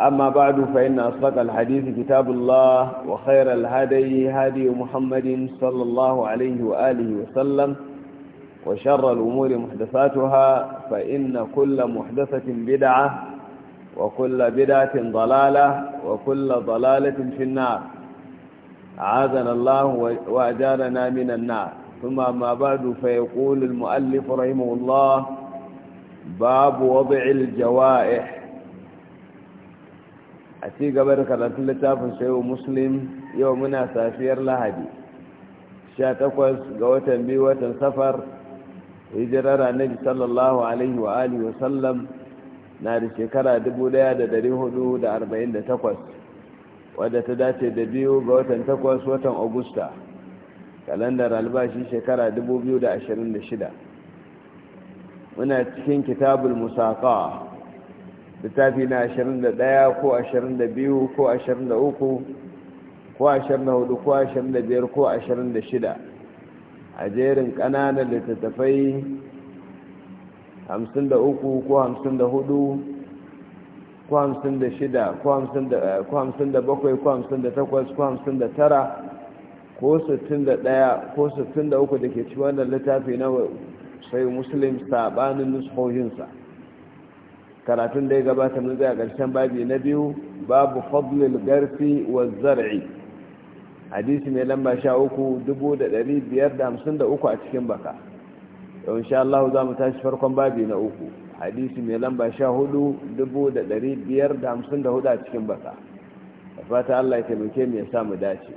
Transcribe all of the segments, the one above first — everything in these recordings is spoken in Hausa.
أما بعد فإن أصدق الحديث كتاب الله وخير الهدي هدي محمد صلى الله عليه وآله وسلم وشر الأمور محدثاتها فإن كل محدثة بدعة وكل بدعة ضلالة وكل ضلالة في النار عاذنا الله وأجارنا من النار ثم ما بعد فيقول المؤلف رحمه الله باب وضع الجوائح a ci gaba da karatun littafin wa muslim yau muna safiyar lahadi 18 ga watan biyu watan safar hijirar annabi sallallahu alaihi wa alihi wasallam na da shekara 1448 wadda ta dace da biyu ga watan takwas watan agusta kalandar albashi shekara 2026 muna cikin kitabul musaka littafi na ashirin da ɗaya ko ashirin da biyu ko ashirin da uku ko ashirin da hudu ko ashirin da biyar ko ashirin 26 a jerin ƙananan littattafai Hamsin da uku ko Hamsin da hudu ko hamsin da shida ko hamsin da bakwai ko hamsin da takwas ko hamsin da tara ko sittin da ɗaya ko sittin da uku da ke ci wannan littafi na sai musulun saɓanin nuskohinsa karatun da ya gabata mun zai a ƙarshen babi na biyu babu fadlil garfi wa zar'i hadisi mai lamba sha uku dubu da ɗari biyar da hamsin da uku a cikin baka yau insha Allah za mu tashi farkon babi na uku hadisi mai lamba sha hudu dubu da ɗari biyar da hamsin da hudu a cikin baka da fata Allah ya taimake mu ya sa mu dace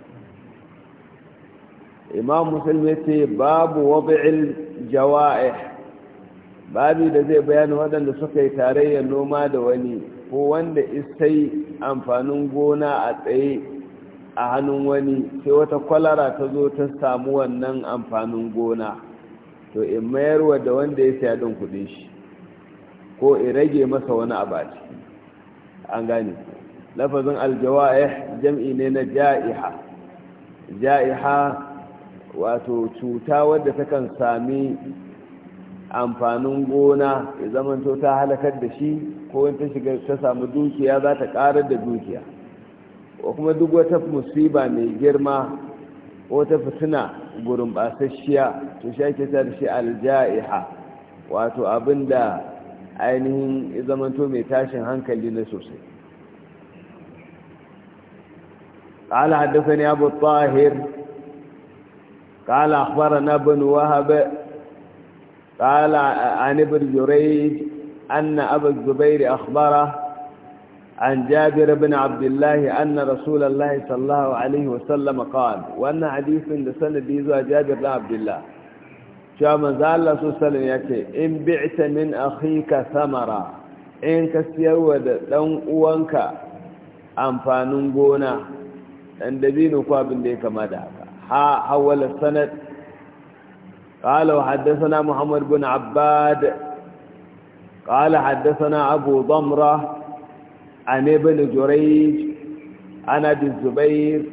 imam musulmi ya ce babu wabi'il jawa'ih babi da zai bayani waɗanda suka yi tarayyar noma da wani ko wanda isai amfanin gona a tsaye a hannun wani sai wata kwalara ta zo ta samu wannan amfanin gona to in mayarwa da wanda ya saya don kudin shi ko in rage masa wani abaci an gane lafazin aljawa'ih jam'i ne na ja'iha ja'iha wato cuta wadda takan sami amfanin gona ya zamanto ta halakar da shi ko in ta shiga ta samu dukiya za ta karar da dukiya ko kuma duk wata musiba mai girma ko ta fitina gurin basasshiya to shi ake sa shi alja'iha wato abin da ainihin ya zamanto mai tashin hankali na sosai قال حدثني أبو الطاهر قال أخبرنا بن وهب قال عن ابن جريج أن أبا الزبير أخبره عن جابر بن عبد الله أن رسول الله صلى الله عليه وسلم قال وأن حديث لسنة ديزوى جابر بن عبد الله شو من ذا الله صلى الله عليه وسلم يكي إن بعت من أخيك ثمرة إن كسير ودن أوانك أنفانون قونا أن دبينك وابن ديك مدهك ها حول السند قال وحدثنا محمد بن عباد قال حدثنا أبو ضمرة عن ابن جريج عن أبي الزبير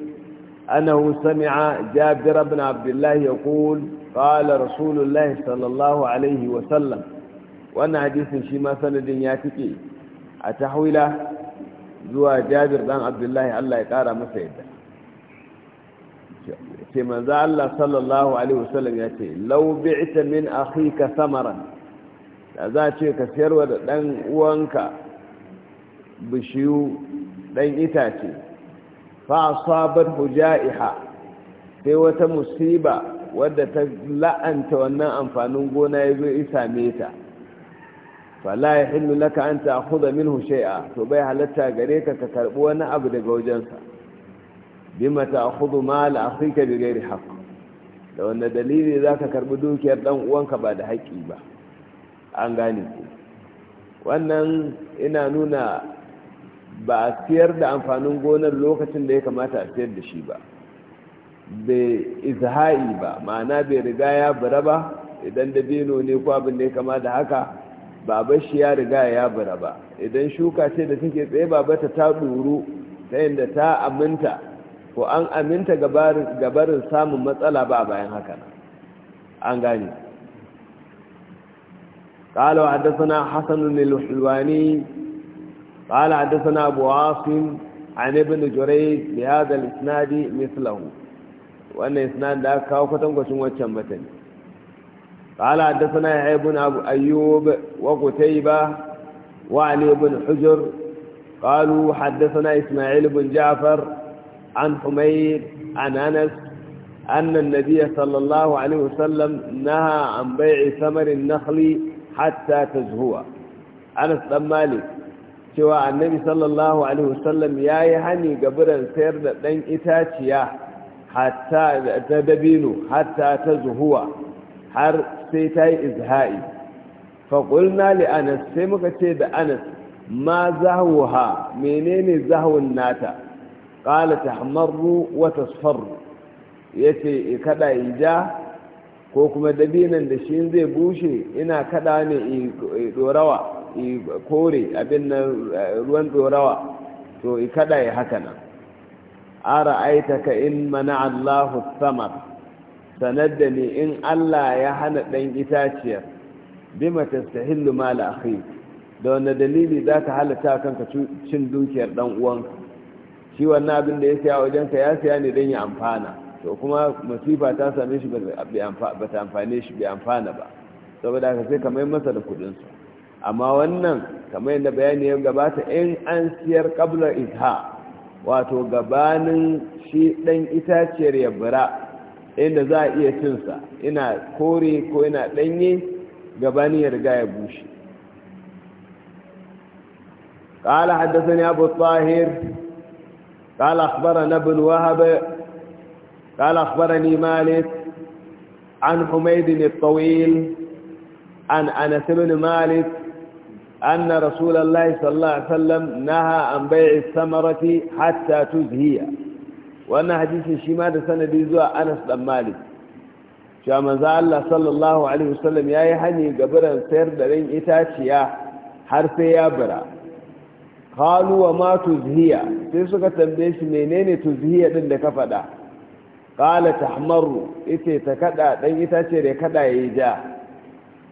أنه سمع جابر بن عبد الله يقول قال رسول الله صلى الله عليه وسلم وأن حديث شما سند ياتيكي أتحويله زوى جابر بن عبد الله الله يقارى مسيدة sai manzo Allah sallallahu alaihi wasallam ya ce law bi'ta min akhika samaran da za ce ka sayar da dan uwanka bishiyu dan itace fa asabat hujaiha sai wata musiba wadda ta la'anta wannan amfanin gona zo isa meta fala yahillu laka an ta'khudha minhu shay'a to bai halatta gare ka ka karbi wani abu daga wajensa bima ta'khudhu mal akhika bighairi haqq da wanda dalili zaka karbi dukiyar dan uwanka ba da haƙi ba an gane ku wannan ina nuna ba a siyar da amfanin gonar lokacin da ya kamata a siyar da shi ba bai izha'i ba ma'ana bai riga ya bura ba idan da dabino ne ko abin da ya kama da haka babar shi ya riga ya bura ba idan shuka ce da take tsaye ba ta ta ɗuru ta yadda ta aminta ko an aminta gabarin samun matsala ba bayan haka an gani ƙalawa na hassanun nilwani ƙala haddasana buwafin anibin jurai liyazal isnadi mislahu wannan isnadi da kawo kwatankwacin waccan batani haddasa na ya haibun ayyub wa kutai ba wa alibin hujjar haddasa na ismail bin jafar عن حمير عن أنس أن النبي صلى الله عليه وسلم نهى عن بيع ثمر النخل حتى تزهو أنس بن مالك cewa annabi sallallahu ya yi hani ga biran sayar da ɗan itaciya hatta ta dabino hatta ta zuhuwa har sai ta yi izha'i faƙulna li anas sai muka ce da anas ma zahuha menene zahun nata qala tahmarru wa tasfarru yace kada ja. ko kuma dabinan da shi zai bushe ina kada ne i dorawa i kore abin nan ruwan dorawa to i kada ya haka nan ara aitaka in mana Allahu samar sanar da ni in Allah ya hana ɗan itaciyar bima tastahillu mala akhi da wani dalili zaka halatta kanka cin dukiyar dan uwanka shi wannan abin da ya siya wajenka ya siya ne don ya amfana to kuma masifa ta same shi ba ta amfane shi bai amfana ba saboda haka sai kamar masa da kudinsu amma wannan kamar yadda bayani ya gabata in an siyar kabla isha wato gabanin shi ɗan itaciyar bura inda za a iya sa ina kore ko ina ɗanye gabanin ya riga ya bushe قال حدثني أبو الطاهر قال أخبرنا ابن وهب قال أخبرني مالك عن حميد الطويل عن أنس بن مالك أن رسول الله صلى الله عليه وسلم نهى عن بيع الثمرة حتى تزهي وأن حديث الشماد سنة بيزوى أنس بن مالك شاما زال صلى الله عليه وسلم يا hani gabaran sayar da ran itaciya har qalu wa ma tuzhiya sai suka tambaye shi menene tuzhiya din da ka faɗa qala tahmaru ita ta kada dan itace da kada yayi ja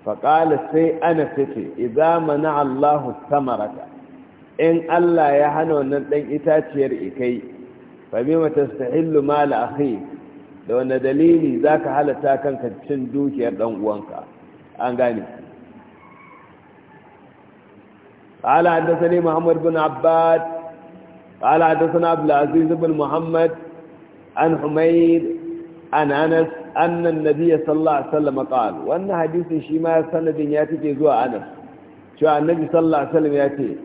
fa qala sai ana sace idza mana Allahu samarata in Allah ya hana wannan dan itaciyar ikai fa bima tastahillu mal akhi da wannan dalili zaka halata kanka cin dukiyar dan uwanka an gane قال حدثني محمد بن عباد قال حدثنا عبد العزيز بن محمد عن حميد عن أنس أن النبي صلى الله عليه وسلم قال وأن حديث شيما سند ياتي في زوى أنس شو النبي صلى الله عليه وسلم ياتي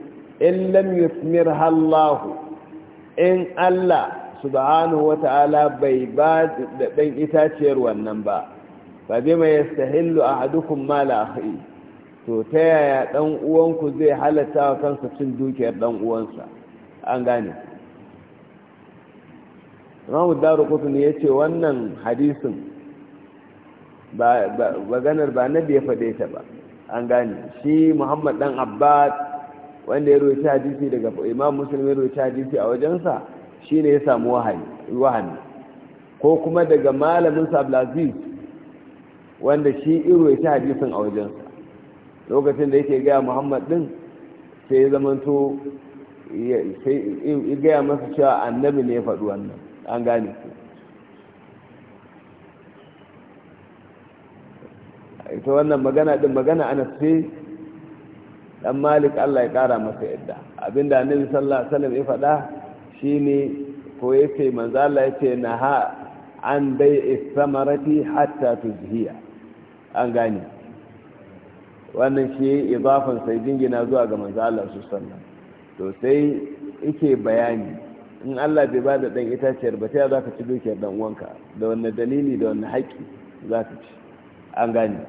إن لم يثمرها الله إن الله سبحانه وتعالى بيباد بين إتاتير والنبا فبما يستهل أحدكم مال أخيه to ta yaya dan uwanku zai halatta wa kansa cin dukiyar dan uwansa an gane Imam Daru ya yace wannan hadisin ba maganar ba na da ya fade ta ba an gane shi Muhammad dan Abbas wanda ya roci hadisi daga Imam Muslim ya roci hadisi a wajensa shine ya samu wahani ko kuma daga malamin sa Abdulaziz wanda shi iro hadisin a wajensa lokacin da yake gaya muhammad din sai ya zamanto ya gaya masa cewa annabi ne ya faɗi wannan an gane ku ita wannan magana din magana ana sai dan malik allah ya ƙara masa yadda abinda annabi sallallahu alaihi ya faɗa shine ko yace manzo allah na ha an isa samarati hatta tuzhiya an gane wannan shi idafan sai jingina zuwa ga manzo Allah su sallam to sai yake bayani in Allah bai bada dan itaciyar ba sai za ka ci dukiyar dan uwanka da wannan dalili da wannan haƙi za ka ci an gane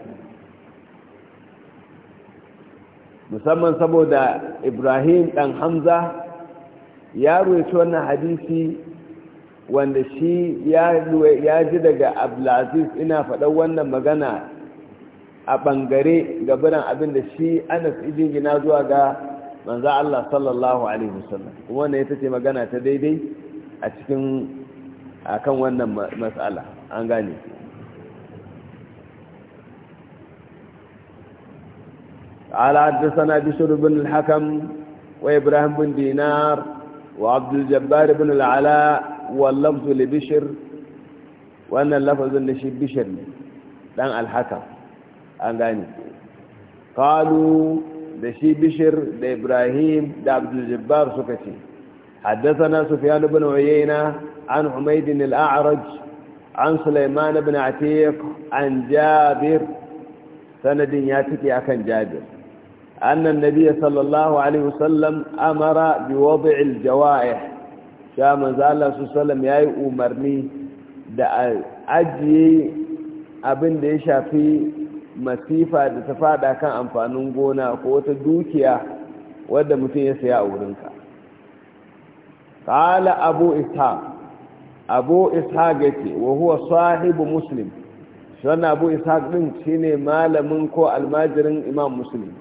musamman saboda Ibrahim Ɗan Hamza ya ruwaito wannan hadisi wanda shi ya ji daga Abdulaziz ina faɗan wannan magana a ɓangare ga biran abin da shi anas zuwa ga manza Allah sallallahu alaihi wasallam kuma ne ita ce magana ta daidai a cikin akan wannan matsala an gane قال حدثنا بشر بن الحكم وإبراهيم بن دينار وعبد الجبار بن العلاء واللفظ لبشر وأن اللفظ لشي بشر لن الحكم kalu da shi bishir da ibrahim da abdulljabbar suka ce haddasa sufyan ibn uyayna an umayd ibn al-a'raj an sulaiman ibn atiq an jabir sanadin ya tike akan jabir anna an sallallahu alaihi wasallam amara bi wad' al-jawa'ih ya yi. Allah sallallahu alaihi wasallam yayi umarni da ajiye abin da ya shafi masifa da ta fada kan amfanin gona ko wata dukiya wadda mutum ya saya a wurinka ƙala abu isha abu ishaq yake wa huwa sahibu muslim shi wannan abu ɗin shi shine malamin ko almajirin imam muslim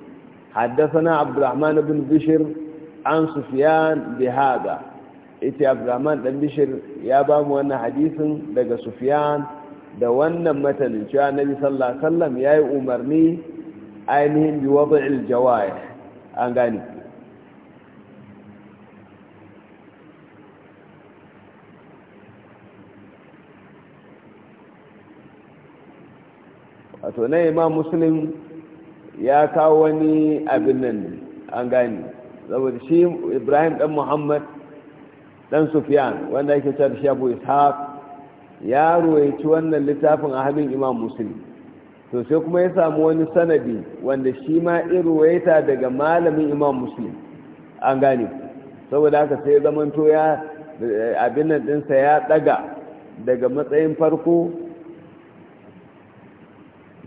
Haddasa na الرحمن bin Bishir عن سفيان بهذا إتي ɗan bishir ya ba mu wannan hadisun daga Sufiyan. da wannan matanin cewa nabi sallallahu alaihi wasallam yayi umarni ainihin bi wad'il jawayih an gani wato ne imam muslim ya kawo wani abin nan an gani saboda shi ibrahim dan muhammad dan sufyan wanda yake cewa shi abu ishaq ya ruwaici wannan littafin a hannun imam musulmi to sai kuma ya samu wani sanadi wanda shi ma ruwaita daga malamin imam musulmi an gane saboda haka sai zamanto ya abin nan dinsa ya daga daga matsayin farko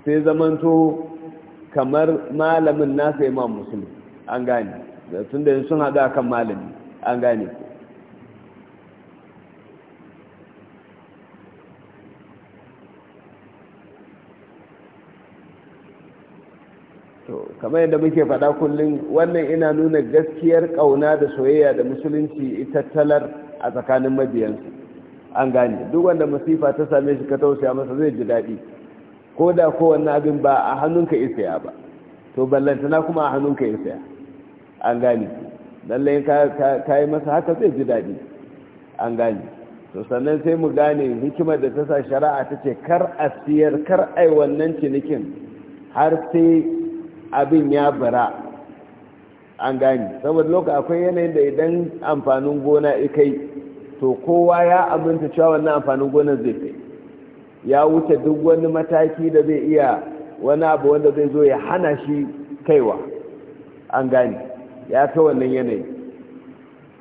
sai zamanto kamar malamin nasa imam musulmi an gane tun da sun hada kan malami an gane ku kamar yadda muke faɗa kullum wannan ina nuna gaskiyar ƙauna da soyayya da musulunci ita talar a tsakanin mabiyansu an gane duk wanda masifa ta same shi ka tausaya masa zai ji daɗi ko da kowanne abin ba a hannunka isaya ba to ballantana kuma a hannunka isaya an gane lallai ka yi masa haka zai ji daɗi an gane to sannan sai mu gane hikimar da ta sa shari'a ta ce kar a siyar kar ai wannan cinikin har sai abin ya bara an gani saboda loka akwai yanayin da idan amfanin gona ikai to kowa ya aminta cewa wannan amfanin gona zai kai ya wuce duk wani mataki da zai iya wani abu wanda zai zo ya hana shi kaiwa an gani ya kai wannan yanayi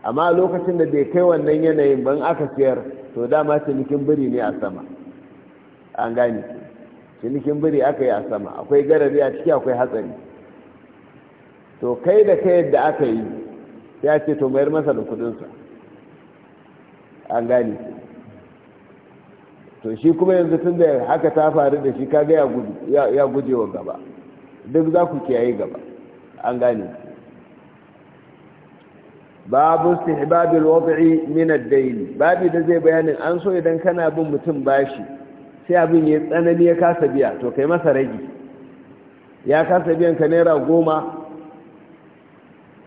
amma lokacin da bai kai wannan yanayin ban aka siyar to dama cinikin biri ne a sama an gani cinikin biri aka yi a sama akwai garari a ciki akwai hatsari to kai da kai yadda aka yi ya ce to mayar masa da kudinsa an gani to shi kuma yanzu tun da haka ta faru da shi kaga ya guje wa gaba duk za ku kiyaye gaba an gani babu istihbabil wad'i min dayn babu da zai bayanin an so idan kana bin mutum bashi sai abin ya tsanani ya kasa biya to kai masa ragi ya kasa biyan ka naira goma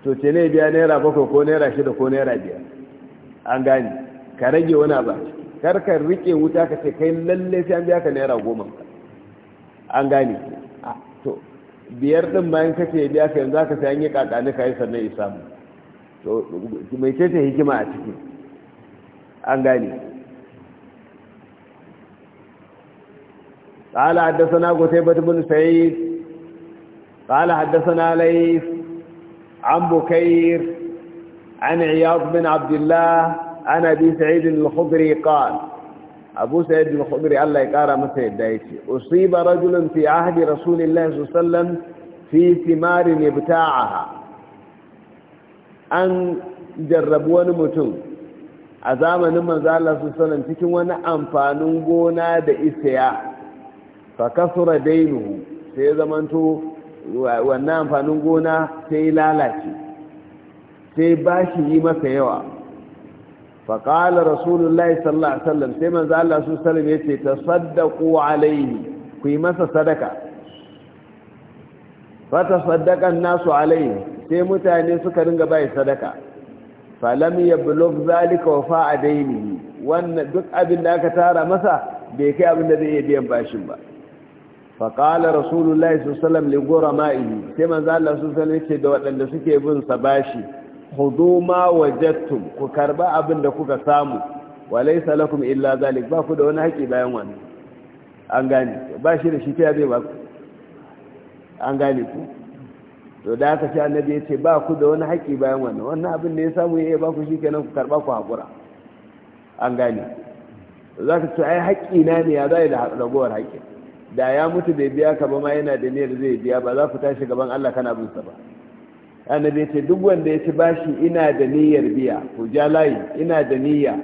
to ce ne biya naira bakwai ko naira shida ko naira biyar an gani ka rage wani abu kar ka rike wuta ka ce kai lalle sai an biya ka naira goma an gani to biyar din bayan ka ce biya ka yanzu aka sai an yi kakani ka yi sannan isa mu to mai ce hikima a ciki an gani قال حدثنا قتيبة بن سعيد قال حدثنا ليث عن بكير عن عياض بن عبد الله عن أبي سعيد الخضري قال أبو سعيد الخضري الله يقارى مسيد دايتي أصيب رجل في عهد رسول الله صلى الله عليه وسلم في ثمار يبتاعها أن jarrabuwar mutum a zamanin manzo Allah sallallahu alaihi wasallam cikin wani amfanin gona da isaya fakasura kasura dainuhu sai zamanto wannan amfanin gona sai lalace sai bashi yi masa yawa fa qala rasulullahi sallallahu alaihi wasallam sai manzo Allah su wasallam yace tasaddaqu alaihi ku yi masa sadaka fa tasaddaqan nasu alaihi sai mutane suka ringa bai sadaka lam yablug zalika a dainihi wannan duk abin da aka tara masa bai kai abin da zai iya biyan bashin ba faƙalar rasulullahi sallam li gora ma'ihi sai manzo Allah sallam yake da waɗanda suke bin sa bashi hudu ma wajattum ku karba abin da kuka samu wa laysa lakum illa ba ku da wani haƙi bayan wannan an gane ba shi da shi ta zai ba ku an gane ku to da aka ce annabi ya ce ba ku da wani haƙi bayan wannan wannan abin da ya samu ya ba ku shi kenan ku karba ku haƙura an gane za ka ce ai haƙi na ne ya zai da ragowar haƙi da ya mutu bai biya ka ba ma yana da niyyar zai biya ba za ku tashi gaban Allah kana bin sa ba annabi ce duk wanda ya ci bashi ina da niyyar biya ku ja layi ina da niyya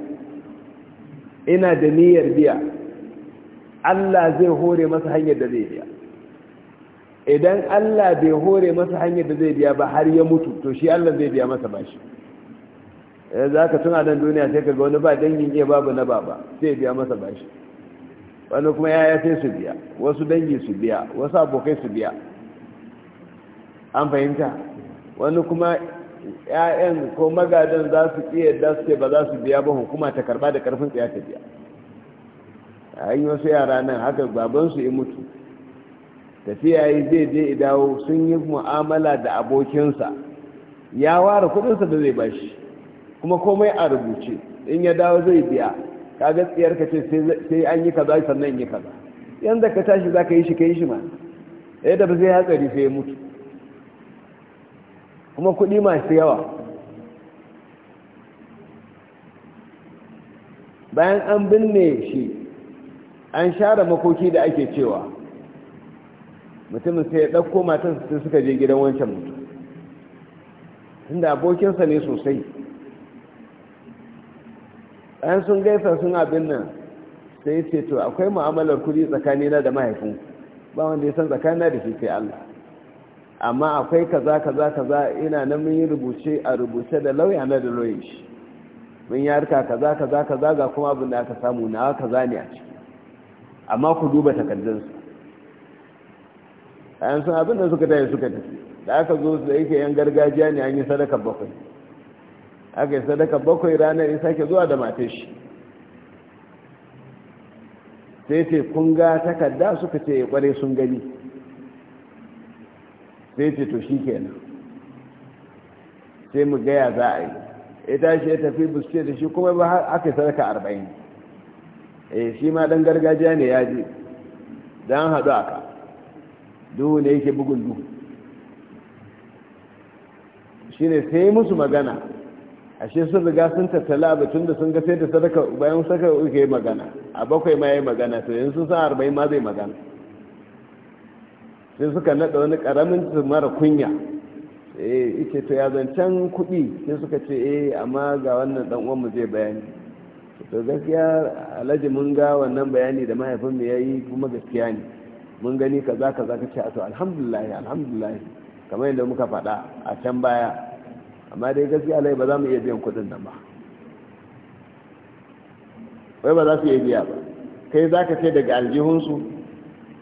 ina da niyyar biya Allah zai hore masa hanyar da zai biya idan Allah bai hore masa hanyar da zai biya ba har ya mutu to shi Allah zai biya masa bashi za ka tuna dan duniya sai ka ga wani ba dangin iya babu na baba sai biya masa bashi wani kuma ya sai su biya wasu dangi su biya wasu abokai su biya an fahimta wani kuma ya'yan ko magadan za su iya da su ce ba za su biya ba hukuma ta karba da karfin tsaya ta biya a yi wasu yara nan haka babansu ya mutu tafiya yi zai je dawo sun yi mu'amala da abokinsa ya ware kudinsa da zai bashi kuma komai a rubuce in ya dawo zai biya ka ga tsiyar ka ce sai an yi kaza sannan yi kaza yanda ka tashi za ka yi shi ka yi shi ma ɗaya da ba zai hatsari sai ya mutu kuma kuɗi masu yawa bayan an binne shi an share makoki da ake cewa mutumin sai ya ɗauko matansa sai suka je gidan wancan mutum tunda abokinsa ne sosai ɗan sun gaisa sun abin nan sai ce to akwai mu'amalar kuɗi tsakanina da mahaifinku ba wanda ya san tsakanina da shi sai Allah amma akwai kaza kaza kaza ina nan mun yi rubuce a rubuce da lauya na da lauyin shi mun yi harka kaza kaza kaza ga kuma abin da aka samu nawa kaza ne a ciki amma ku duba su ɗan sun abin da suka tafi suka tafi da aka zo su da yake yan gargajiya ne an yi sadaka bakwai aka yi sadaka bakwai ranar ya sake zuwa da mata shi sai ce kun ga takarda suka ce ya eh, kware sun gani sai ce to shi kenan sai mu gaya za a yi ita shi ya tafi buske da shi kuma ba aka yi sadaka arba'in eh shi ma dan gargajiya ne ya je don haɗu aka duhu ne yake bugun duhu shi ne sai musu magana ashe sun riga sun tattala abu tun da sun ga sai da sadaka bayan saka uke magana a bakwai ma yi magana to yanzu sun san arba'in ma zai magana sai suka naɗa wani ƙaramin mara kunya eh ike to ya zancen kuɗi sai suka ce eh amma ga wannan ɗan uwanmu zai bayani to gaskiya alhaji mun ga wannan bayani da mahaifinmu ya yi kuma gaskiya ne mun gani kaza kaza ka ce a to alhamdulillah alhamdulillah kamar yadda muka faɗa a can baya amma dai gaskiya lai ba za mu iya biyan kudin nan ba wai ba za su iya biya ba kai za ka ce daga aljihunsu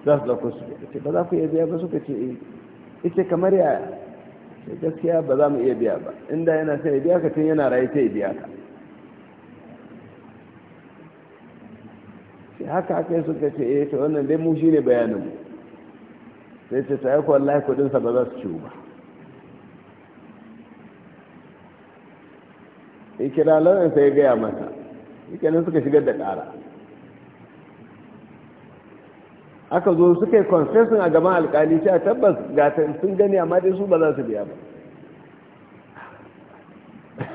za su zaku su ba za ku iya biya ba suka ce ita eh. kamar yaya sai gaskiya ba za mu iya biya ba inda yana sai biya ka tun yana rayu sai biya ka sai haka aka yi suka ce eh ta wannan dai mu ne bayanin mu sai ce ta yi wallahi kudin sa ba za su ciwo ba sai kira lauyan sai ya gaya masa nan suka shigar da ƙara aka zo suka yi confession a gaban alkali cewa tabbas ga sun gani amma dai su ba za su biya ba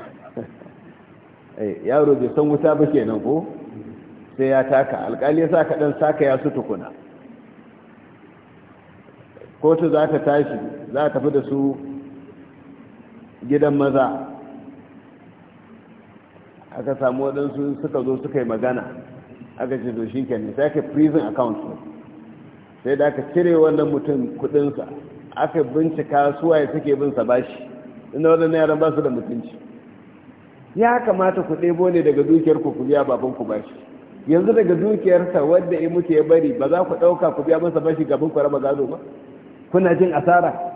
eh, yaro bai san wuta ba ke nan ko sai ya taka alkali ya sa kaɗan saka ya su tukuna kotu za ta tashi za ta fi da su gidan maza aka samu waɗansu suka zo suka yi magana aka ce to shi kenan sai aka prison account sai da aka cire wannan mutum kudinsa aka bincika suwaye suke bin sa bashi inda waɗannan yaran ba su da mutunci ya kamata ku ɗebo ne daga dukiyar ku biya baban ku bashi yanzu daga dukiyarsa wadda ya mutu ya bari ba za ku ɗauka ku biya masa bashi gaban ku raba gado ba kuna jin asara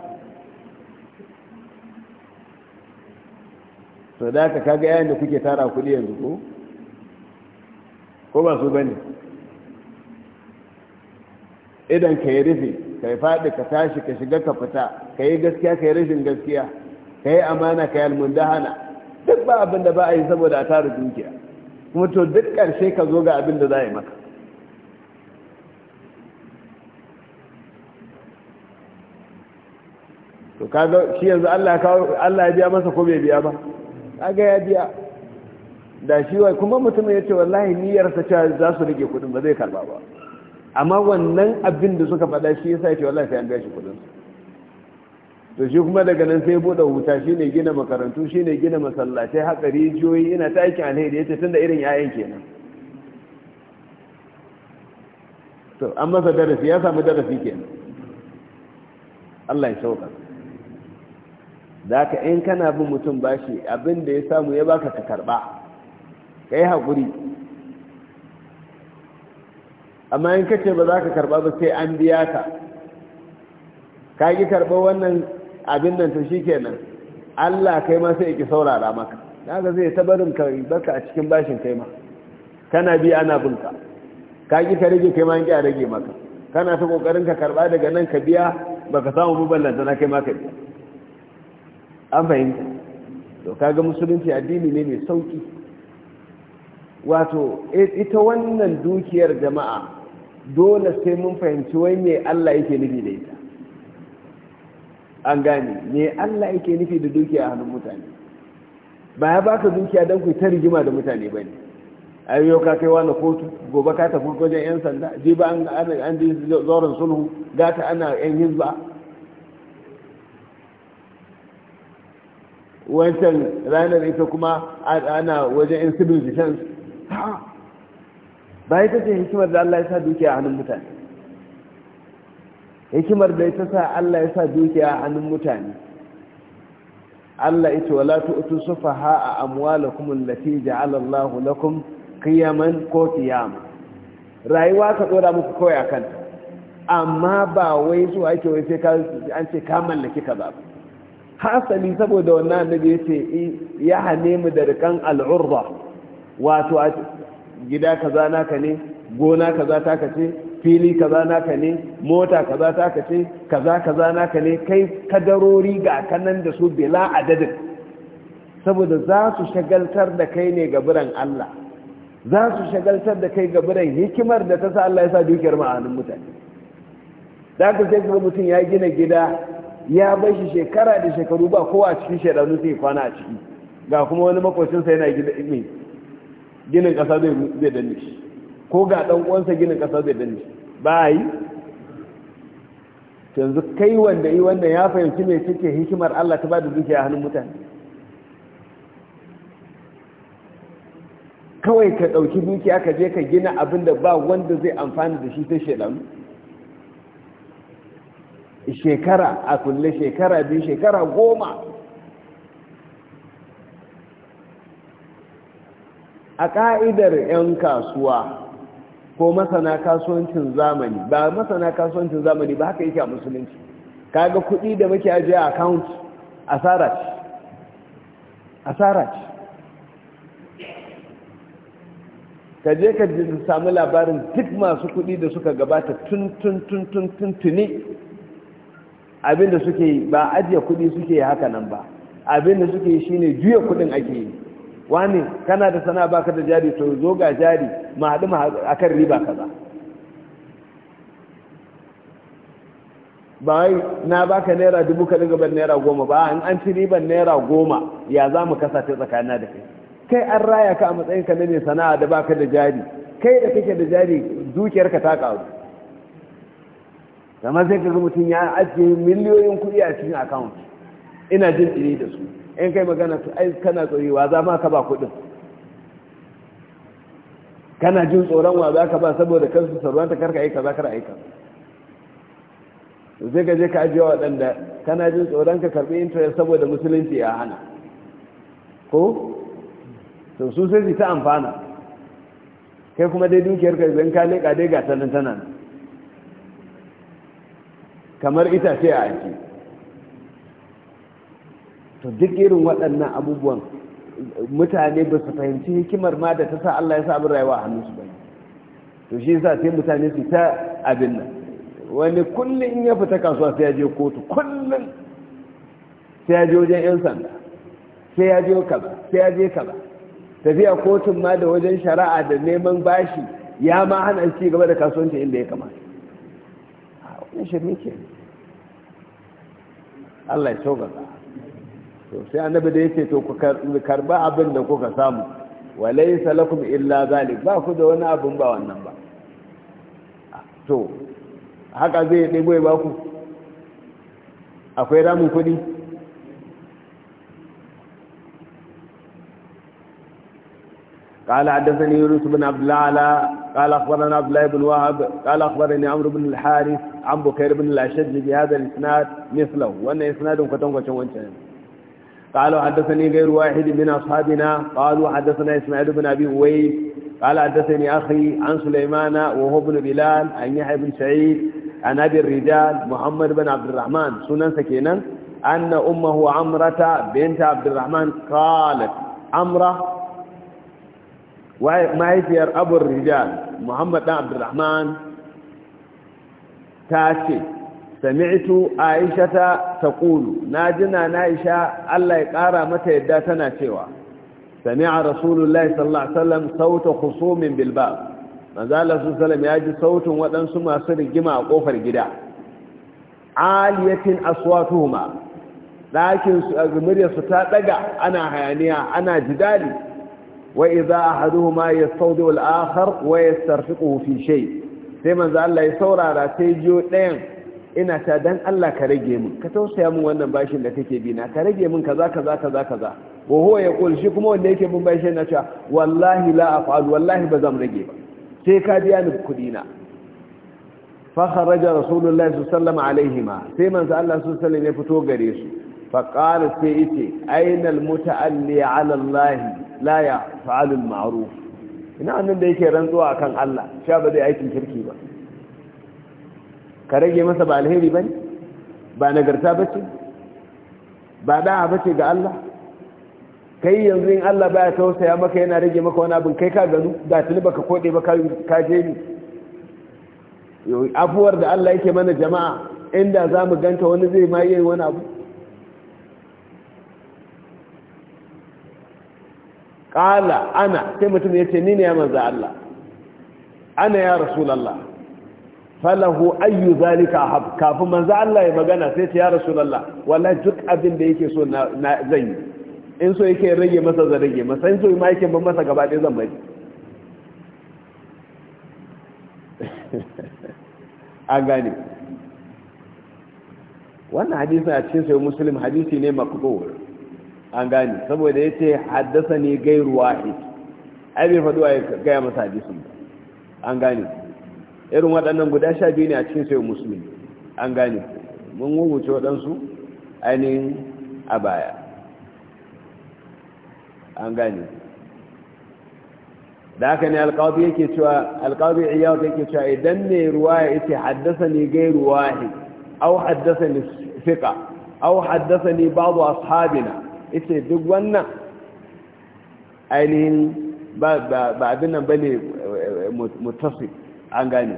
sau da aka kaga yayin da kuke tara kudi yanzu ko ko ba su bane idan ka yi rufe ka yi ka tashi ka shiga ka fita ka yi gaskiya ka yi rashin gaskiya ka yi amana ka yi almundahana duk ba abin da ba a yi saboda a tara dukiya kuma to duk ƙarshe ka zo ga abin da za a yi maka to kaga shi yanzu Allah ya biya masa ko bai biya ba kaga ya biya da shi wai kuma mutum ya ce wallahi niyyarsa ta za su rike kudin ba zai karba ba amma wannan abin da suka faɗa shi yasa ya ce wallahi sai an biya shi kudin to shi kuma daga nan sai buɗe huta shine gina makarantu shine gina masallatai haka rijiyoyi ina ta aikin alheri yace tunda irin yayan kenan to an masa darasi ya samu darasi kenan Allah ya sauka Zaka ka in kana bin mutum bashi abin da ya samu ya baka ka karba ka yi haƙuri amma in kace ba za ka karba ba sai an biya ka ka yi karba wannan abin nan to shi kenan allah kai ma sai yake ki saurara maka daga zai tabarin ka baka a cikin bashin kai ma kana bi ana bunka ka yi ka rage kai ma an ki a rage maka kana ta kokarin ka karba daga nan ka biya baka samu muballanta na kai ma ka biya an fahimta to kaga musulunci addini ne mai sauki wato eh, ita wannan dukiyar jama'a dole sai mun fahimci wai me Allah yake nufi da ita an gane me Allah yake nufi da dukiya a hannun mutane ba ya baka dukiya don ku ta rigima da mutane ba ne a ka kai wani kotu gobe ka tafi wajen 'yan sanda ji ba an ji zauren sulhu gata ana 'yan hizba wancan ranar ita kuma ana wajen in civil defense ba ita ce hikimar da Allah ya sa dukiya a hannun mutane hikimar da ita sa Allah ya sa dukiya a hannun mutane Allah ita wala tu'tu sufaha a amwalakum allati ja'ala Allah lakum qiyaman ko qiyama rayuwa ka dora muku kawai akan amma ba wai zuwa ake wai sai ka an ce ka mallaki kaza ba hasali saboda wannan annabi ya ce ya hane mu da rikan al'urra wato a gida kaza naka ne gona kaza taka ce fili kaza naka ne mota kaza taka ce kaza kaza naka ne kai kadarori ga kanan da su bila adadin saboda za su shagaltar da kai ne ga biran Allah za su shagaltar da kai ga biran hikimar da ta sa Allah ya sa dukiyar ma'anin mutane da ka sai kuma mutum ya gina gida ya bai shi shekara da shekaru ba kowa a cikin shekaru sai kwana a ciki ga kuma wani makocinsa yana gina ginin kasa zai danne shi ko ga dan uwansa ginin kasa zai danne shi ba yi yanzu kai wanda yi wanda ya fahimci mai cike hikimar Allah ta ba da dukiya hannun mutane kawai ka ɗauki dukiya ka je ka gina abin da ba wanda zai amfani da shi sai shaidanu shekara a kulle shekara biyu shekara goma a ƙa'idar 'yan kasuwa ko masana kasuwancin zamani ba masana kasuwancin zamani ba haka yake a musulunci kaga kuɗi da muke ajiye a account asara ce asara ce ka je ka samu labarin duk masu kuɗi da suka gabata tun tun tun tun tun tuni abinda suke yi ba ajiye kudi suke yi haka nan ba abinda suke yi shine juya kuɗin ake yi wani kana da sana baka da jari to zo ga jari ma haɗu ma akan riba kaza ba wai na baka naira dubu ka daga ban naira goma ba an an ci riban naira goma ya za mu kasa ta tsakanin da kai kai an raya ka a matsayin ka na sana'a da baka da jari kai da kake da jari dukiyarka ta ƙaru amma sai kaga mutum ya ajiye miliyoyin kuɗi a cikin account ina jin ɗiri da su in kai magana su ai kana tsorewa za ma ka ba kuɗin kana jin tsoron wa za ka ba saboda kansu sauran ta karka aika za ka aika zai ka je ka ajiye waɗanda kana jin tsoron ka karɓi intanet saboda musulunci ya hana ko to su sai ta amfana kai kuma dai dukiyar ka zan ka leƙa dai ga sanin tana kamar itace a aji to duk irin waɗannan abubuwan mutane ba su fahimci hikimar ma da ta sa Allah ya sa rayuwa a hannunsu ba to shi yasa sai mutane su ta abin nan wani kullum in ya fita kasuwa sai ya je kotu kullum sai ya je wajen yan sanda sai ya je kaza sai ya je kaza tafiya kotun ma da wajen shari'a da neman bashi ya ma hana shi gaba da kasuwanci inda ya kamata a wannan shirme ne Allah ya sauƙaƙa to sai annabi da yace to ku karba abin da kuka samu laysa lakum illa zalik ba ku da wani abin ba wannan ba to haka zai ɗebo ya ba ku akwai ramin kuɗi قال حدثني يونس بن عبد الله قال أخبرنا عبد الله بن وهب قال أخبرني عمرو بن الحارث عن بكير بن الأشد بهذا الإسناد مثله وأن إسنادهم كتنك شوانشان قالوا حدثني غير واحد من أصحابنا قالوا حدثنا إسماعيل بن أبي أويس قال حدثني أخي عن سليمان وهو بن بلال عن يحيى بن سعيد عن أبي الرجال محمد بن عبد الرحمن سنن سكينا أن أمه عمرة بنت عبد الرحمن قالت عمرة mahaifiyar abu rijal muhammad dan abdurrahman ta ce sami'tu aisha ta taqulu na naisha Allah ya kara mata yadda tana cewa sami'a rasulullahi sallallahu alaihi wasallam sauta khusumin bil manzo Allah ya ji sautin waɗansu masu rigima a kofar gida aliyatin aswatuhuma dakin su azmiriya su ta daga ana hayaniya ana jidali وإذا أحدهما يستوضع الآخر ويسترفقه في شيء سيما ذا الله يسورا راتيجو ɗayan ina ta dan Allah ka rage min ka tausaya min wannan bashin da kake bina. ka rage min kaza kaza kaza kaza wa huwa yaqul shi kuma wanda yake bin bashin na cewa wallahi la af'al wallahi ba zan rage ba sai ka biya ni kudi na fa kharaja rasulullahi sallallahu alaihi sai manzo Allah ya fito gare su fa sai yace ainal la ya fa'alul ma'ruf ina annan da yake rantsuwa akan Allah sha ba zai aikin kirki ba ka rage masa ba alheri bane ba nagarta bace ba da'a bace ga Allah kai yanzu in Allah baya tausaya maka yana rage maka wani abin kai ka gano da tuni baka kode ba ka je ni afuwar da Allah yake mana jama'a inda za mu ganta wani zai ma yi wani abu ƙala ana sai mutum ya ce ni ne ya manza Allah ana ya rasulallah falahu ayyu zalika hab kafin manza Allah ya magana sai ce ya rasulallah wallahi duk abin da yake so na zan yi in so yake rage masa zan rage masa in so ma yake ban masa gaba ɗaya zan bari an gane wannan hadisi a cikin sayo muslim hadisi ne makbul an gane saboda ya ce haddasa ne gairu wahid ai bai faɗuwa ya gaya masa hadisin an gane irin waɗannan guda sha biyu ne a cikin sayo musulmi an gane mun wuce waɗansu ainihin a baya an gane da haka ne alƙawar yake cewa alƙawar iyawar yake cewa idan ne ruwa ya ce haddasa ne gairu wahi, au haddasa ne fiƙa au haddasa ne babu ashabina ita duk wannan ainihin ba abin nan ba ne eh, eh, mutafi an gani.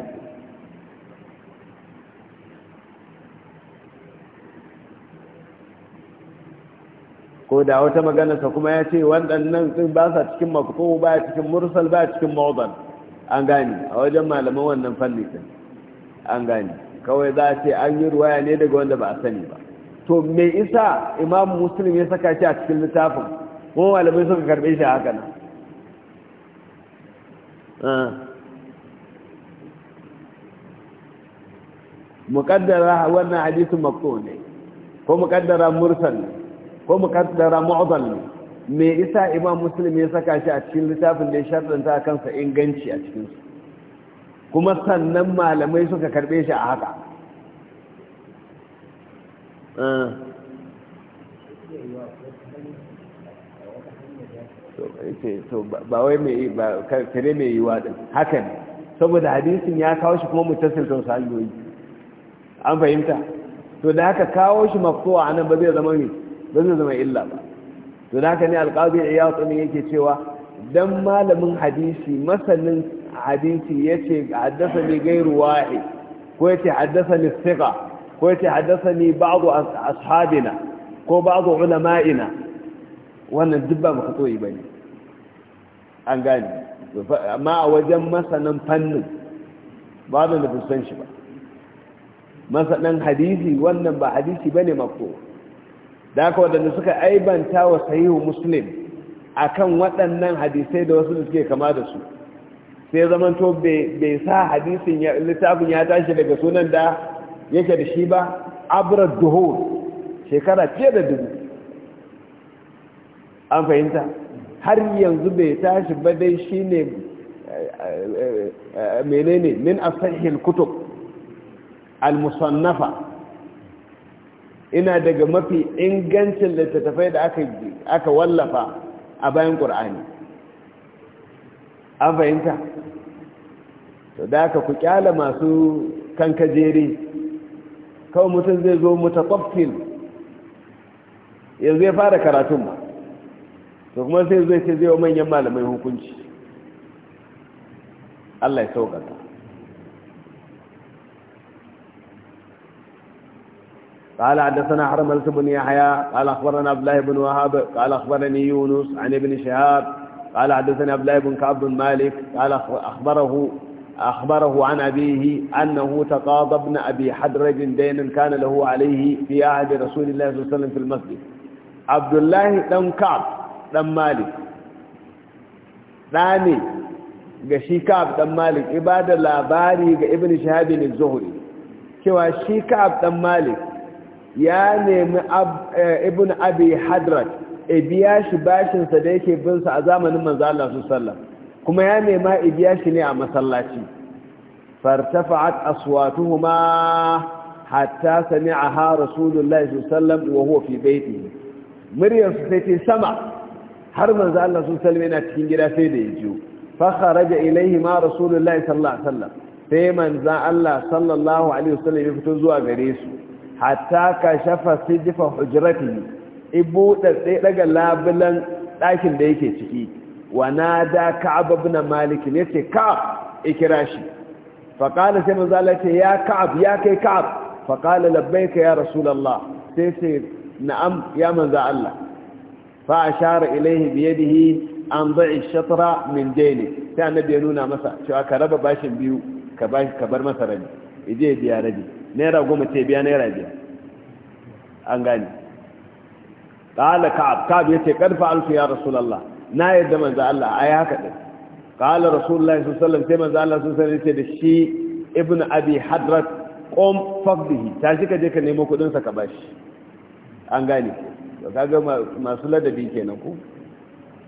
ko da wata maganarsa kuma ya ce waɗannan sun ba sa cikin makufu ba cikin mursal ba cikin mawazan an gani. a wajen malaman wannan fannin an gani. kawai za a ce an yi ruwaya ne daga wanda ba a sani ba to me isa imam muslim ya saka shi a cikin littafin ko malamai suka karbe shi haka nan ah. muƙaddara wannan hadisin makto ne ko muƙaddara mursal ne ko muƙaddara mu'adal ne me isa imam muslim ya saka shi a cikin littafin da ya a kansa inganci a cikinsu kuma sannan malamai suka karbe shi a haka Eh. ba wai mai kare mai yiwa din haka ne saboda hadisin ya kawo shi kuma mutassir sau hanyoyi an fahimta to da haka kawo shi mafsuwa a nan ba zai zama ne ba zai zama illa ba to da haka ne alƙazi da ya tsoni yake cewa dan malamin hadisi masanin hadisi ya ce haddasa ne gairu wa'i ko ya ce haddasa ne siga ko yace hadathani ba'du ashabina ko ba'du ulama'ina wannan duk ba yi bane an gane amma a wajen masanan fannin ba da da san shi ba masanan hadisi wannan ba hadisi bane mako. da haka wadanda suka aibanta wa sahihu muslim akan waɗannan hadisai da wasu da suke kama da su sai zamanto bai sa hadisin littafin ya tashi daga sunan da yake da shi ba abrar duhur shekara fiye da dubu an fahimta har yanzu bai tashi ba dai shine, eh, eh, eh, menene min asahil kutub al-musannafa ina daga mafi ingancin littattafai da aka wallafa a bayan ƙur'ani an fahimta to da aka ku kyala masu kankajere kawai mutum zai zo mutataffil yanzu ya fara karatun ba to kuma sai zai ce zai wa manyan malamai hukunci Allah ya saukata قال حدثنا حرملة بن يحيى قال أخبرنا عبد الله بن وهاب قال أخبرني يونس عن ابن شهاب قال حدثنا عبد الله بن كعب بن مالك قال أخبره أخبره عن أبيه أنه تقاضى ابن أبي حدرج دينا كان له عليه في عهد رسول الله صلى الله عليه وسلم في المسجد عبد الله دم كعب دم مالك ثاني شي كعب دم مالك إبادة لاباري ابن شهاب الزهري كوا شي كعب دم مالك يعني أب ابن أبي حدرج إبياش باشن صديقي بنس أزامن من زال الله صلى الله عليه وسلم kuma ya nema ibiya shi ne a masallaci fartafa'at aswatuhuma hatta sami'aha rasulullahi sallallahu alaihi wa huwa fi baitihi muryar su sai ta sama har manzo Allah sallallahu alaihi yana cikin gida sai da yaji fa kharaja ilaihi ma rasulullahi sallallahu alaihi wasallam sai manzo Allah sallallahu alaihi wasallam ya fito zuwa gare su hatta kashafa sijfa hujratihi ibu da sai daga labulan dakin da yake ciki Wana da ka'ab ibn malik ne ce ka'ab ikira shi fa qala sai manzo Allah ce ya ka'ab ya kai ka'ab fa qala labbaika ya rasulullah sai ce na'am ya manzo Allah fa ashara ilayhi bi yadihi an da'i shatra min dayni sai annabi ya nuna masa cewa ka raba bashin biyu ka bashi ka bar masa rabi ije biya rabi naira goma ce biya naira biya an gani qala ka'ab ka'ab yace karfa alfu ya rasulullah na yadda manzo Allah ai haka din qala rasulullahi sallallahu alaihi wasallam sai manzo Allah sai da shi ibn abi hadrat qom faqdihi tashi ka je ka nemo kudin sa ka bashi an gane to kaga masu ladabi kenan ko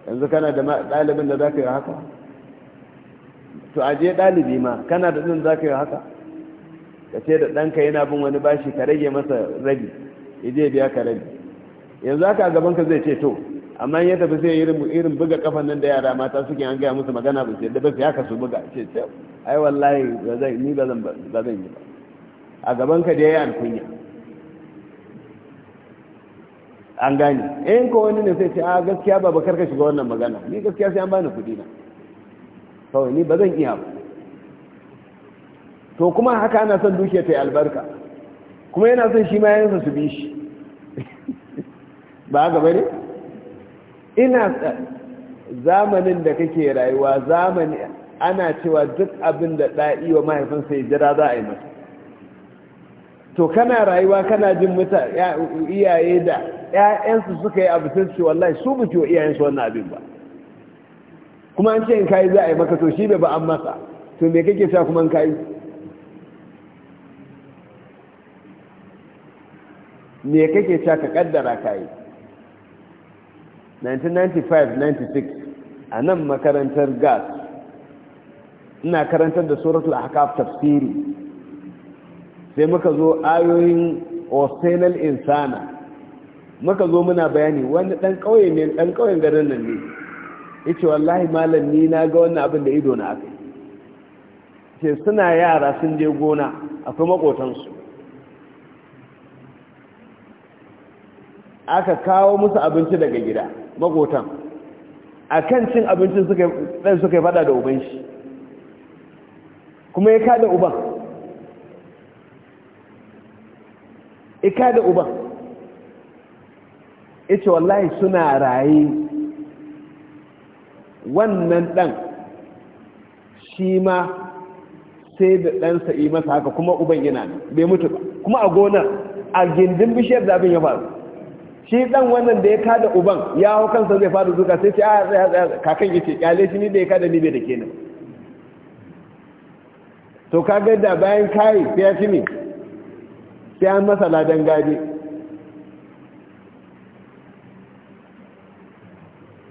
yanzu kana da dalibin da zaka yi haka to aje dalibi ma kana da din zaka yi haka ka ce da danka yana bin wani bashi ka rage masa rabi ije biya ka rabi yanzu haka gaban ka zai ce to amma ya tafi sai irin buga kafan nan da yara mata suke an gaya musu magana ba sai da ba ya kasu buga ce ce ai wallahi ba zai ni ba zan ba zan yi ba a gaban ka da yayi alkunya an gane in ko wani ne sai ce a gaskiya ba ba ka shiga wannan magana ni gaskiya sai an bani kuɗi na kawai ni ba zan iya ba to kuma haka ana son dukiya ta yi albarka kuma yana son shi ma yansa su bi shi ba haka ne? ina zamanin da kake rayuwa zamani ana cewa duk abin da ɗa'i wa mahaifinsa ya jira za a yi masa to kana rayuwa kana jin muta iyaye da ‘ya'yansu suka yi abu sai wallahi su buke wa iyayensu wannan abin ba kuma an ce in kayi za a yi maka to shi bai ba an masa to me kake sa kuma in kayi me kake sa ka kaddara kayi 1995-96 a nan makarantar gas ina karantar da suratul ahqaf tafsiri sai muka zo ayoyin osenal insana muka zo muna bayani wani ɗan ƙauye ne ɗan ƙauyen garin nan ne yace wallahi malam ni na ga wannan abin da ido na aka ce suna yara sun je gona akwai makotansu aka kawo musu abinci daga gida a akan cin abincin suka dan suka fada da uban shi kuma ya kada uban ya kada uban ce wallahi suna raye wannan ɗan shi ma sai da ɗansa yi masa haka kuma uban yana bai mutu ba kuma a gonar a gindin bishiyar da abin ya faru shi dan wannan da ya kada uban ya hau kansa zai fara zuka sai ce a ah, tsaya tsaya kakan yace kyale shi ni da ya kada ni bai da kenan to ka ga da bayan kai sai ya ci sai an masa ladan gadi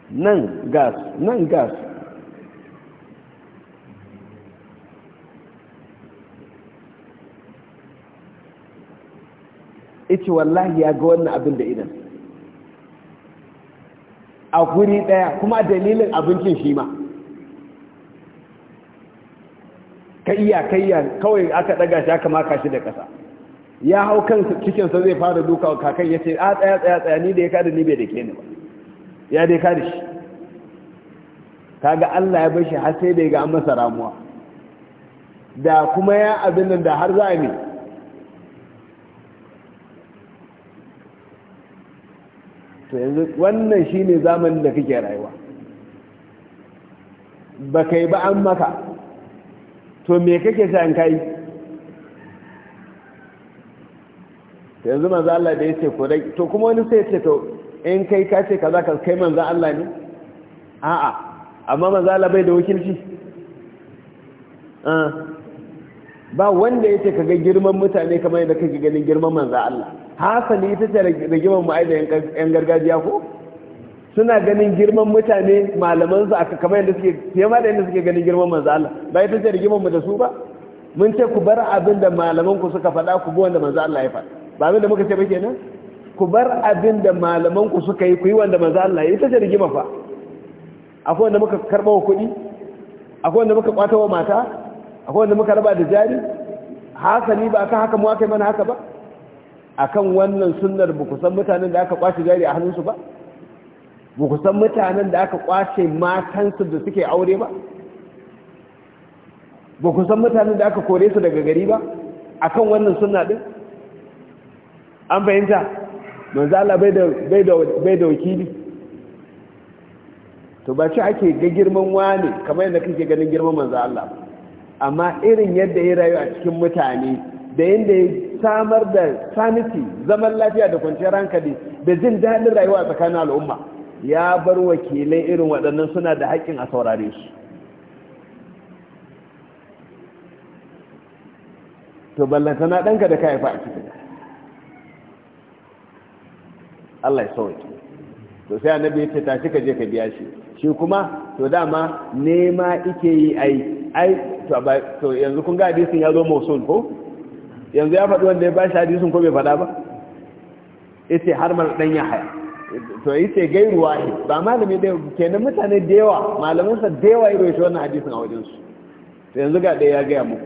nan gas nan gas ice wallahi ya ga wannan abin da idan a guri ɗaya kuma dalilin abincin shi ma ka iya iya kawai aka ɗaga shi aka maka shi da ƙasa ya hau kan cikinsa zai fara duka kakan ya ce a tsaya tsaya tsaya ni da ya kada ni bai da ke ni ba ya dai kada shi ta ga Allah ya bashi har sai da ya ga an masa ramuwa da kuma ya abin nan da har za a ne to yanzu wannan shi ne zamanin da kake rayuwa ba kai ba an maka to me kake sa an kai yanzu manzo Allah da yace ko dai to kuma wani sai yace to in kai ka ce kaza ka kai manzo Allah ne a'a amma manzo Allah bai da wakilci ah, ba wanda yace kaga girman mutane kamar yadda kake ganin girman manzo Allah hasali ita ce rigimar mu aida yan gargajiya ko suna ganin girman mutane malaman su aka kamar yadda suke fiye ma da yadda suke ganin girman manzo Allah ba ita ce da rigimar mu da su ba mun ce ku bar abin da malaman ku suka faɗa ku bi wanda manzo Allah ya faɗa ba abin da muka ce ba kenan ku bar abin da malaman ku suka yi ku yi wanda manzo Allah ya ita ce da rigima fa akwai wanda muka karɓa wa kuɗi akwai wanda muka kwata wa mata akwai wanda muka raba da jari hasali ba aka haka mu aka yi mana haka ba akan wannan sunnar ba ku san mutanen da aka kwace jari a hannunsu ba ba ku san mutanen da aka kwace matansu da suke aure ba ba ku san mutanen da aka kore su daga gari ba akan wannan sunna din an fahimta manzala bai da bai da bai da wakili to ba ci ake ga girman wani kamar yadda kake ganin girman manzo Allah amma irin yadda ya rayu a cikin mutane da yadda samar da sanity zaman lafiya da kwanciyar hankali da jin daɗin rayuwa tsakanin al'umma ya bar wakilai irin waɗannan suna da haƙƙin a saurare su to ballanta na ɗanka da ka haifa a cikin Allah ya sauki to sai annabi ya ce tashi ka je ka biya shi shi kuma to dama nema ike yi ai ai to yanzu kun ga hadisin ya zo mausul ko yanzu ya faɗi wanda ya ba shi hadisun ko bai faɗa ba ce har mal dan ya haya to ce gairu ne ba malami da kenan mutane da yawa malaman da yawa yaro shi wannan hadisin a wajen su to yanzu ga ɗaya ya gaya mu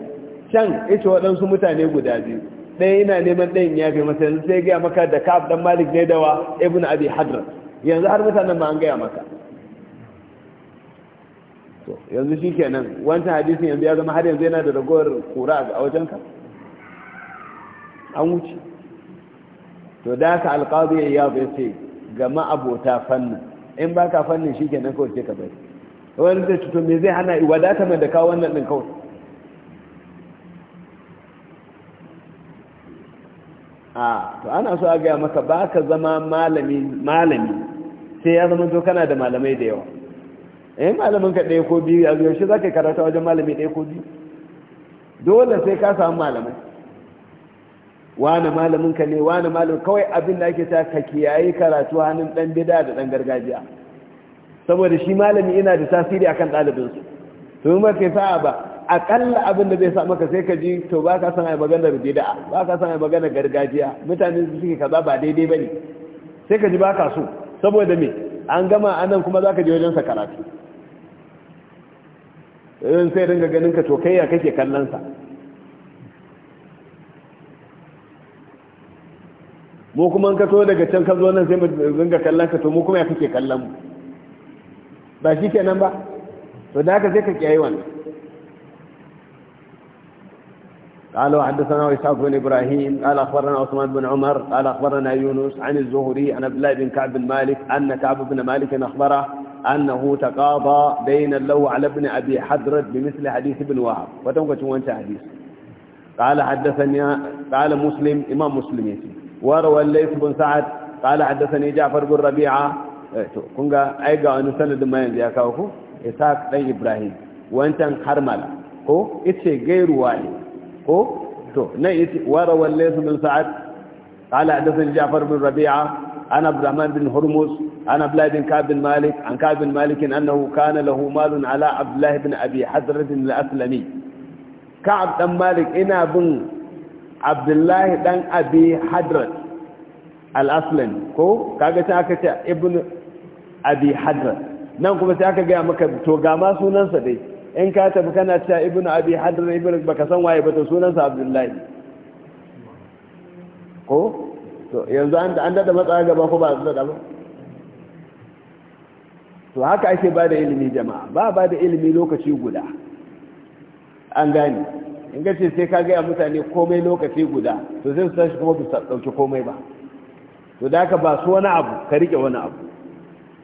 can ce waɗansu mutane guda biyu ɗaya yana neman ɗayan ya fi masa yanzu sai gaya maka da kaf ɗan malik ne dawa ibn abi hadra yanzu har mutanen ba an gaya maka to yanzu kenan wancan hadisin yanzu ya zama har yanzu yana da ragowar kura a wajenka ka an wuce to da ka alƙadu ya yi ya sai ga ma'abota fannin in ba ka fannin shi ke nan kawai ce ka bari wani zai cuto me zai hana wadata mai da kawo wannan ɗin kawai a to ana so a gaya maka ba ka zama malami sai ya zama to kana da malamai da yawa eh malamin ka ɗaya ko biyu yanzu yaushe za ka karata wajen malami ɗaya ko biyu dole sai ka samu malamai wani malamin ka ne wani malamin kawai abin da ake ta ka kiyaye karatu hannun dan bida da dan gargajiya saboda shi malami ina da tasiri akan ɗalibinsu to mun ba kai sa'a ba akalla abin da zai sa maka sai ka ji to ba ka san ai magana bid'a ba ka san ai magana gargajiya mutane su suke kaza ba daidai bane sai ka ji ba ka so saboda me an gama anan kuma zaka je wajen sa karatu sai dinga ganin ka to kai ya kake kallon sa mu kuma in ka so daga can ka zo nan sai mu zinga kallon ka to mu kuma ya kake kallon mu ba shi kenan ba to da haka sai ka kiyaye wannan قالوا حدثنا إسحاق بن إبراهيم قال أخبرنا عثمان بن عمر قال أخبرنا يونس عن الزهري عن عبد الله بن كعب بن مالك أن كعب بن مالك أخبره أنه تقاضى بين له على ابن أبي حضرت بمثل حديث ابن وهب وتنقش وانت حديث قال حدثني قال مسلم إمام مسلم يسير وروى الليث بن سعد قال حدثني جعفر بن ربيعة كنغا ايغا ان سند ما ينزي اكاوكو اسحاق بن ابراهيم وانتن حرمل كو اتشي غير والي كو تو نيت وروى الليث بن سعد قال حدثني جعفر بن ربيعة عن عبد الرحمن بن هرمز عن عبد الله بن كعب بن مالك عن كعب بن مالك انه كان له مال على عبد الله بن ابي حضرة الاسلمي كعب بن مالك انا بن abdullahi dan abi hadrat al-aslan ko kaga ta aka ce ibn abi hadrat nan kuma sai aka gaya maka to ga ma sunansa dai in ka tafi kana cewa ibn abi hadrat ibn baka san waye ba to sunansa abdullahi ko to yanzu an da an dada matsaya gaba ko ba su dada ba to haka ake ba da ilimi jama'a ba ba da ilimi lokaci guda an gane in ga ce sai ka gaya mutane komai lokaci guda to zai san shi kuma bisa ɗauki komai ba to da ka ba su wani abu ka riƙe wani abu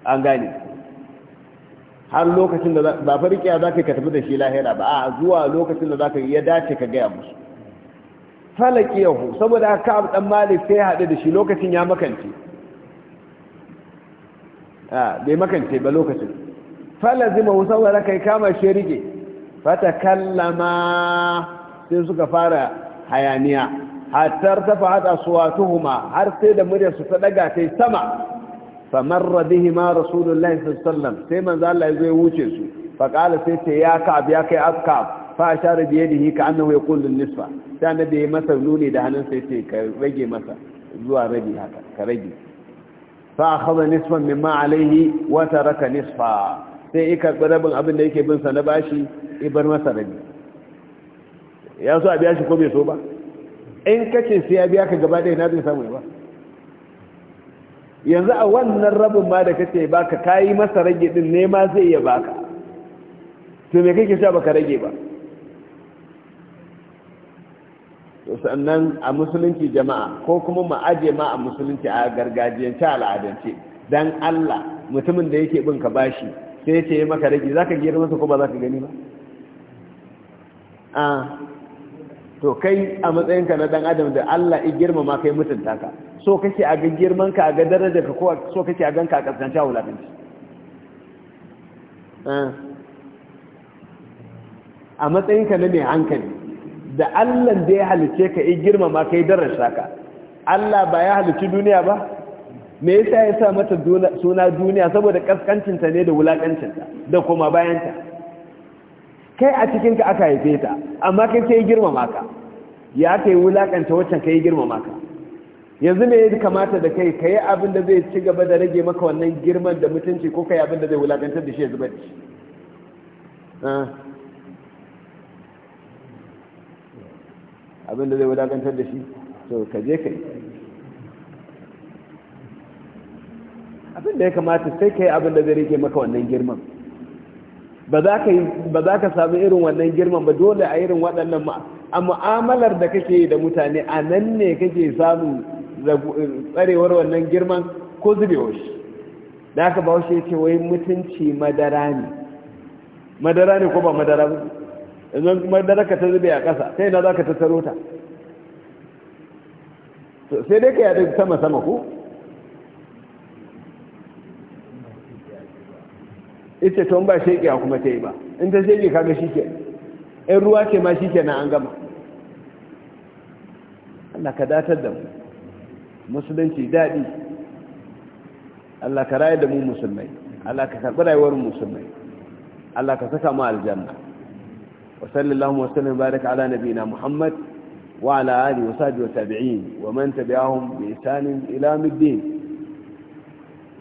an gane har lokacin da ba fa riƙe za ka tafi da shi lahira ba a zuwa lokacin da za ka ya dace ka gaya musu falaki yahu saboda ka abu ɗan malik sai haɗu da shi lokacin ya makance a ah, bai makance ba lokacin falazima saboda kai kama shi rike fatakallama sai suka fara hayaniya hatar tafa hada suwatuhuma har sai da muryarsu ta daga kai sama famarra bihima rasulullahi sallallahu alaihi sai manzo Allah ya wuce su faqala sai ce ya ka ya kai askab fashar da yadihi ka annahu yaqul lin nisfa sai annabi ya masa nuni da hannun sai ce ka rage masa zuwa rabi haka ka rage fa akhadha nisfan mimma alayhi wa taraka nisfa sai ya karɓi rabin abin da yake bin sa na bashi ibar bar masa rabi ya so a biya shi ko bai so ba in kace sai ya biya ka gaba ɗaya na zai samu ba yanzu a wannan rabin ma da kace baka kayi masa rage din ne ma zai iya baka to me kake sha baka rage ba to sannan a musulunci jama'a ko kuma mu aje ma a musulunci a gargajiyance al'adance dan Allah mutumin da yake bin ka bashi sai ce maka rage za ka girma masa ko ba za ka gani ba ah to kai a matsayinka na dan adam da Allah ya girmama kai mutunta ka so kake a ga girman ka a ga darajar ka ko so kake a ganka a kasance a ah a matsayinka na mai hankali da Allah da ya halice ka ya girmama kai darajar ka Allah ba ya halici duniya ba me yasa ya sa mata suna duniya saboda kaskancinta ne da wulakancinta da kuma bayanta kai a cikinka aka haife ta amma kai sai girmama ka ya yi wulakanta waccan kai girmama ka yanzu me ya kamata da kai kai abin da zai ci gaba da rage maka wannan girman da mutunci ko kai abin da zai wulakantar da shi ya zubar shi ah. abin da zai wulakantar da shi to ka je kai abin da ya kamata sai ka yi abin da zai rike maka wannan girman ba za ka sami irin wannan girman ba dole a irin waɗannan ma a mu'amalar da kake da mutane a nan ne kake samun tsarewar wannan girman ko zubewa shi da aka ba shi ce wai mutunci madara ne madara ne ko ba madara ba yanzu madara ka ta zube a ƙasa sai na za ka tattaro ta sai dai ka yadda sama sama ko ita to ba sheƙiya kuma ta yi ba in ta sheƙi kaga shi ke in ruwa ce ma shi ke na an gama Allah ka datar da mu musulunci daɗi Allah ka rayar da mu musulmai Allah ka karɓi rayuwar musulmai Allah ka saka mu aljanna wa sallallahu wa sallam baraka ala nabiyina Muhammad wa ala alihi wa sahbihi wa tabi'in wa man tabi'ahum bi ihsan ila middin